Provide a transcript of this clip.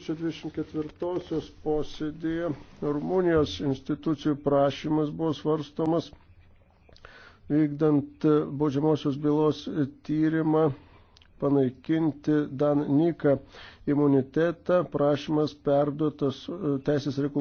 24 posėdėje Rumunijos institucijų prašymas buvo svarstomas vykdant baudžiamosios bylos tyrimą panaikinti Dan Nika imunitetą. Prašymas perduotas e, Teisės reikalų